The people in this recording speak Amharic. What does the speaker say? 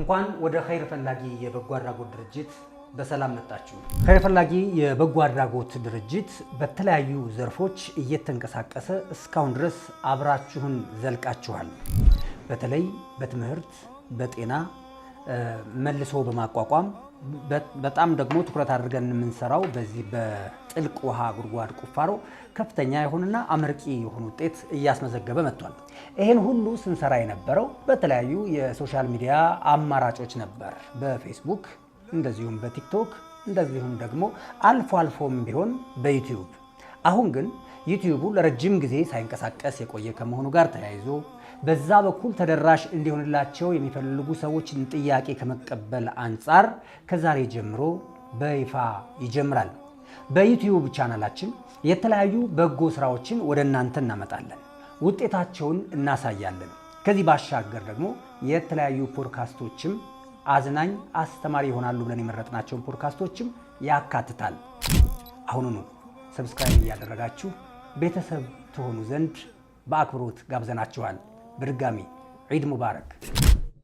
እንኳን ወደ ኸይር ፈላጊ የበጎ አድራጎት ድርጅት በሰላም መጣችሁ። ኸይር ፈላጊ የበጎ አድራጎት ድርጅት በተለያዩ ዘርፎች እየተንቀሳቀሰ እስካሁን ድረስ አብራችሁን ዘልቃችኋል። በተለይ በትምህርት፣ በጤና መልሶ በማቋቋም በጣም ደግሞ ትኩረት አድርገን የምንሰራው በዚህ በጥልቅ ውሃ ጉድጓድ ቁፋሮ ከፍተኛ የሆነና አመርቂ የሆነ ውጤት እያስመዘገበ መጥቷል። ይህን ሁሉ ስንሰራ የነበረው በተለያዩ የሶሻል ሚዲያ አማራጮች ነበር። በፌስቡክ እንደዚሁም በቲክቶክ እንደዚሁም ደግሞ አልፎ አልፎም ቢሆን በዩቲዩብ አሁን ግን ዩቲዩቡ ለረጅም ጊዜ ሳይንቀሳቀስ የቆየ ከመሆኑ ጋር ተያይዞ በዛ በኩል ተደራሽ እንዲሆንላቸው የሚፈልጉ ሰዎችን ጥያቄ ከመቀበል አንጻር ከዛሬ ጀምሮ በይፋ ይጀምራል። በዩቲዩብ ቻናላችን የተለያዩ በጎ ስራዎችን ወደ እናንተ እናመጣለን፣ ውጤታቸውን እናሳያለን። ከዚህ ባሻገር ደግሞ የተለያዩ ፖድካስቶችም አዝናኝ፣ አስተማሪ ይሆናሉ ብለን የመረጥናቸውን ፖድካስቶችም ያካትታል። አሁኑኑ ሰብስክራይብ እያደረጋችሁ ቤተሰብ ትሆኑ ዘንድ በአክብሮት ጋብዘናችኋል። በድጋሚ ዒድ ሙባረክ።